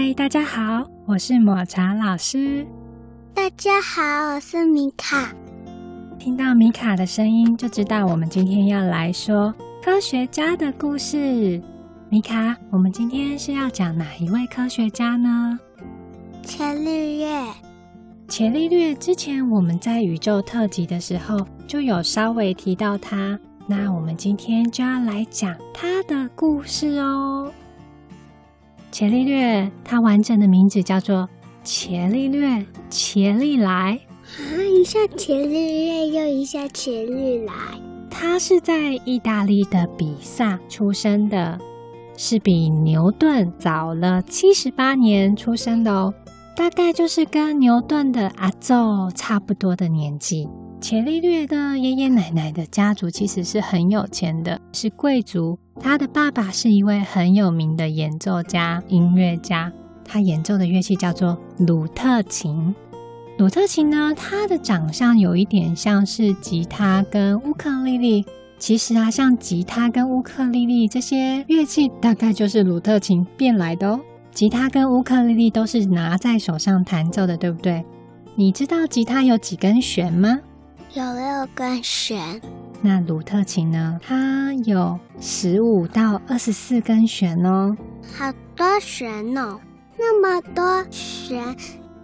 嗨，大家好，我是抹茶老師。大家好，我是米卡。聽到米卡的聲音，就知道我們今天要來說科學家的故事。米卡，我們今天是要講哪一位科學家呢？伽利略。伽利略之前我們在宇宙特輯的時候就有稍微提到他，那我們今天就要來講他的故事哦。伽利略，他完整的名字叫做伽利略·伽利萊啊，一下伽利略，又一下伽利萊。他是在意大利的比薩出生的，是比牛頓早了七十八年出生的哦，大概就是跟牛頓的阿祖差不多的年紀。伽利略的爺爺奶奶的家族其實是很有錢的，是貴族。他的爸爸是一位很有名的演奏家、音樂家。他演奏的樂器叫做魯特琴。魯特琴呢，它的長相有一點像是吉他跟烏克麗麗。其實啊，像吉他跟烏克麗麗這些樂器，大概就是魯特琴變來的哦。吉他跟烏克麗麗都是拿在手上彈奏的，對不對？你知道吉他有幾根弦嗎？有六根弦。那魯特琴呢？它有十五到二十四根弦哦，好多弦哦，那麼多弦，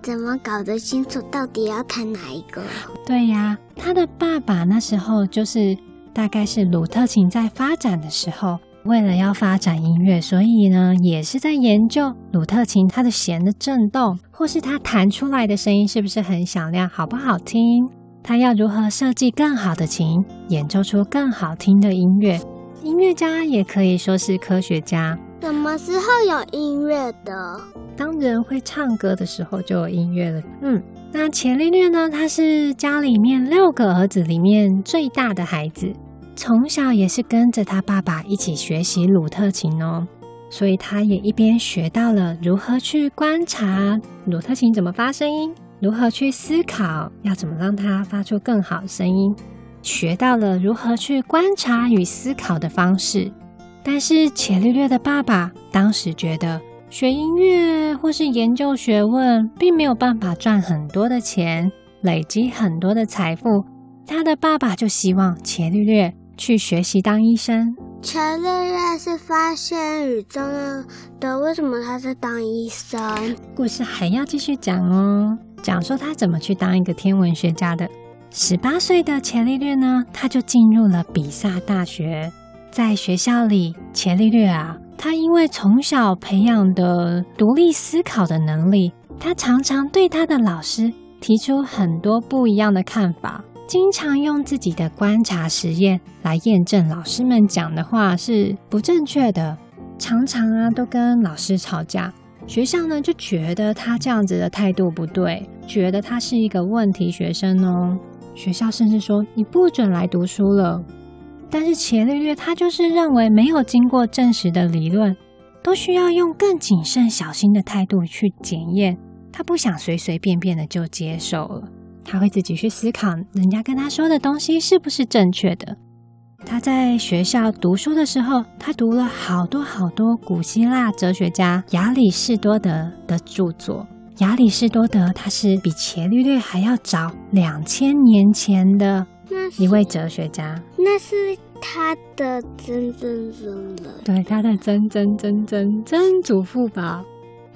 怎麼搞得清楚到底要彈哪一個？對呀、啊，他的爸爸那時候就是，大概是魯特琴在發展的時候，為了要發展音樂，所以呢，也是在研究魯特琴它的弦的震動，或是它彈出來的聲音是不是很響亮，好不好聽？他要如何設計更好的琴，演奏出更好聽的音樂？音樂家也可以說是科學家。什麼時候有音樂的？當人會唱歌的時候就有音樂了。嗯，那伽利略呢？他是家裡面六個兒子裡面最大的孩子，從小也是跟着他爸爸一起學習魯特琴哦、喔，所以他也一邊學到了如何去觀察魯特琴怎麼發聲音。如何去思考，要怎麼讓它發出更好的聲音？學到了如何去觀察與思考的方式。但是伽利略的爸爸當時覺得學音樂或是研究學問，並沒有辦法賺很多的錢，累積很多的財富。他的爸爸就希望伽利略去學習當醫生。伽利略是發現宇宙的，為什麼他在當醫生？故事還要繼續講哦。講說他怎麼去當一個天文學家的。十八歲的伽利略呢，他就進入了比薩大學。在學校裡，伽利略啊，他因為從小培養的獨立思考的能力，他常常對他的老師提出很多不一樣的看法，經常用自己的觀察實驗來驗證老師們講的話是不正確的，常常啊都跟老師吵架。學校呢就覺得他這樣子的態度不對，覺得他是一個問題學生哦。學校甚至說，你不准來讀書了。但是伽利略他就是認為沒有經過證實的理論，都需要用更謹慎小心的態度去檢驗。他不想隨隨便便的就接受了，他會自己去思考人家跟他說的東西是不是正確的。他在學校讀書的時候，他讀了好多好多古希臘哲學家亞里士多德的著作。亞里士多德他是比伽利略還要早兩千年前的一位哲學家。那是，那是他的曾曾曾，曾。對，他的曾曾曾曾曾祖父吧。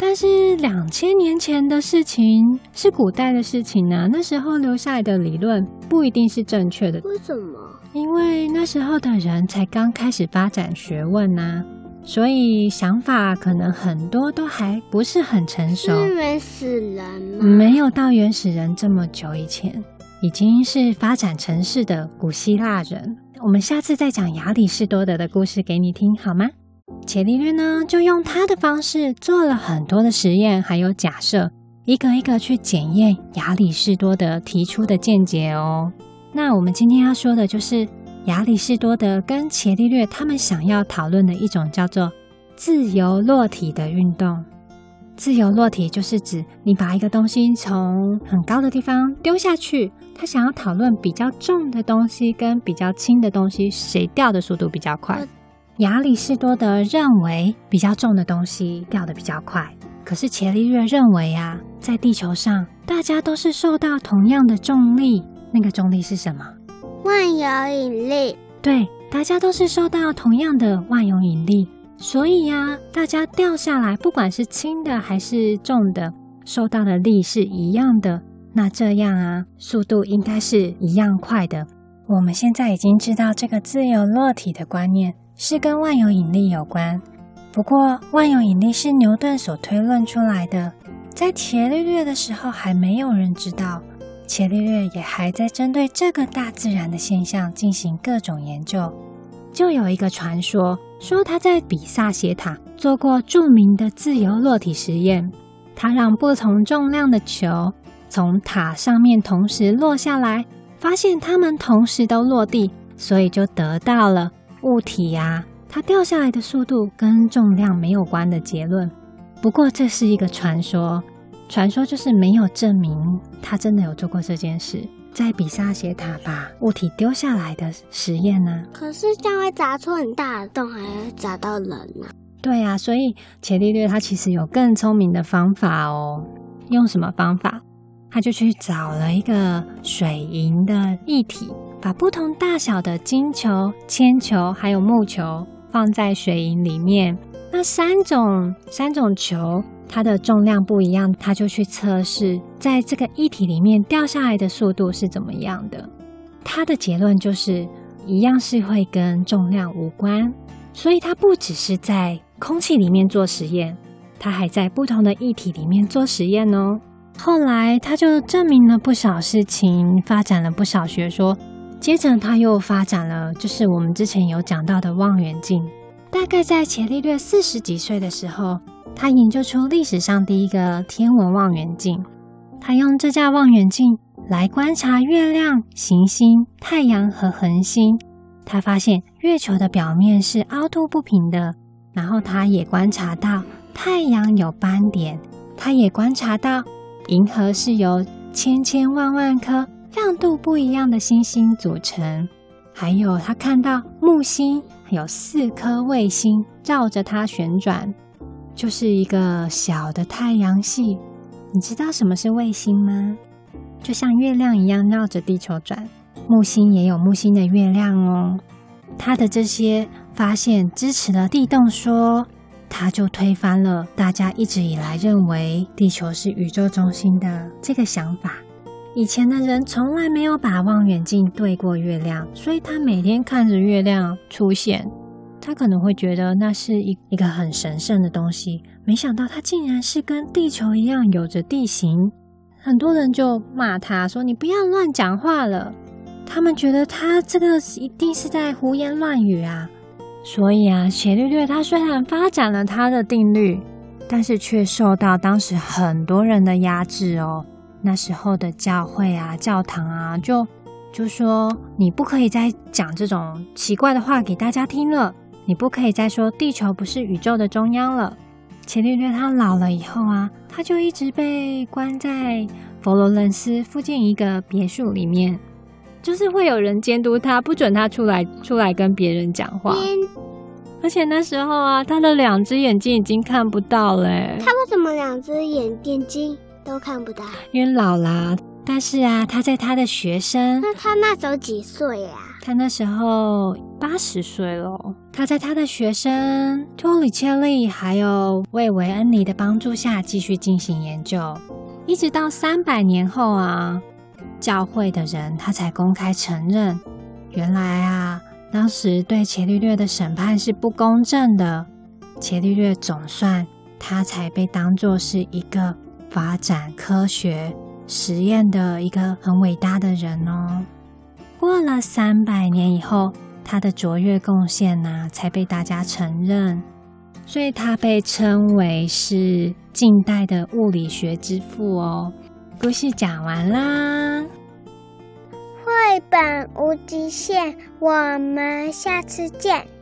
但是兩千年前的事情是古代的事情呢、啊，那時候留下來的理論不一定是正確的。為什麼？因為那時候的人才剛開始發展學問呢、啊，所以想法可能很多都還不是很成熟。是原始人嗎？沒有到原始人這麼久以前，已經是發展城市的古希臘人。我們下次再講亞里士多德的故事給你聽，好嗎？伽利略呢，就用他的方式做了很多的實驗，還有假設，一個一個去檢驗亞里士多德提出的見解哦。那我們今天要說的就是亞里士多德跟伽利略他們想要討論的一種叫做自由落體的運動。自由落體就是指你把一個東西從很高的地方丟下去，他想要討論比較重的東西跟比較輕的東西，誰掉的速度比較快。嗯亞里士多德認為，比較重的東西掉得比較快。可是伽利略認為啊，在地球上，大家都是受到同樣的重力。那個重力是什麼？萬有引力。對，大家都是受到同樣的萬有引力。所以啊，大家掉下來，不管是輕的還是重的，受到的力是一樣的。那這樣啊，速度應該是一樣快的。我們現在已經知道這個自由落體的觀念。是跟萬有引力有關，不過萬有引力是牛頓所推論出來的。在伽利略的時候，還沒有人知道，伽利略也還在針對這個大自然的現象進行各種研究。就有一個傳說說他在比薩斜塔做過著名的自由落體實驗，他讓不同重量的球從塔上面同時落下來，發現它們同時都落地，所以就得到了。物體呀、啊，它掉下來的速度跟重量沒有關的結論。不過這是一個傳說，傳說就是沒有證明他真的有做過這件事。在比薩斜塔把物體丟下來的實驗呢、啊？可是這樣會砸出很大的洞，還會砸到人呢、啊。對啊，所以伽利略他其實有更聰明的方法哦。用什麼方法？他就去找了一個水銀的液體。把不同大小的金球、鉛球還有木球放在水銀裡面，那三種三種球它的重量不一樣，他就去測試在這個液體裡面掉下來的速度是怎麼樣的。他的結論就是一樣是會跟重量無關，所以他不只是在空氣裡面做實驗，他還在不同的液體裡面做實驗哦。後來他就證明了不少事情，發展了不少學說。接着他又發展了，就是我們之前有講到的望遠鏡。大概在伽利略四十幾歲的時候，他研究出歷史上第一個天文望遠鏡。他用這架望遠鏡來觀察月亮、行星、太陽和恆星。他發現月球的表面是凹凸不平的，然後他也觀察到太陽有斑點，他也觀察到銀河是由千千萬萬顆。亮度不一樣的星星組成，還有他看到木星有四顆衛星繞着它旋轉，就是一個小的太陽系。你知道什麼是衛星嗎？就像月亮一樣繞着地球轉，木星也有木星的月亮哦。他的這些發現支持了地動說，他就推翻了大家一直以來認為地球是宇宙中心的這個想法。以前的人從來沒有把望遠鏡對過月亮，所以他每天看着月亮出現，他可能會覺得那是一一個很神聖的東西。沒想到他竟然是跟地球一樣有着地形，很多人就罵他說：“你不要亂講話了。”他們覺得他這個一定是在胡言亂語啊。所以啊，伽利略他雖然發展了他的定律，但是卻受到當時很多人的壓制哦。那時候的教會啊，教堂啊，就就說，你不可以再講這種奇怪的話給大家聽了，你不可以再說地球不是宇宙的中央了。伽利略他老了以後啊，他就一直被關在佛羅倫斯附近一個別墅裡面，就是會有人監督他，不准他出來出來跟別人講話。天而且那時候啊，他的兩隻眼睛已經看不到了。他為什麼兩隻眼睛睛？都看不到，因為老了。但是啊，他在他的學生，那他那時候幾歲呀？啊？他那時候八十歲了。他在他的學生托里切利還有魏維恩尼的幫助下，繼續進行研究，一直到三百年後啊，教會的人他才公開承認，原來啊，當時對伽利略的審判是不公正的。伽利略總算，他才被當作是一個。發展科學實驗的一個很偉大的人哦，過了三百年以後，他的卓越貢獻呢、啊，才被大家承認，所以他被稱為是近代的物理學之父哦。故事講完啦，繪本無極限，我們下次見。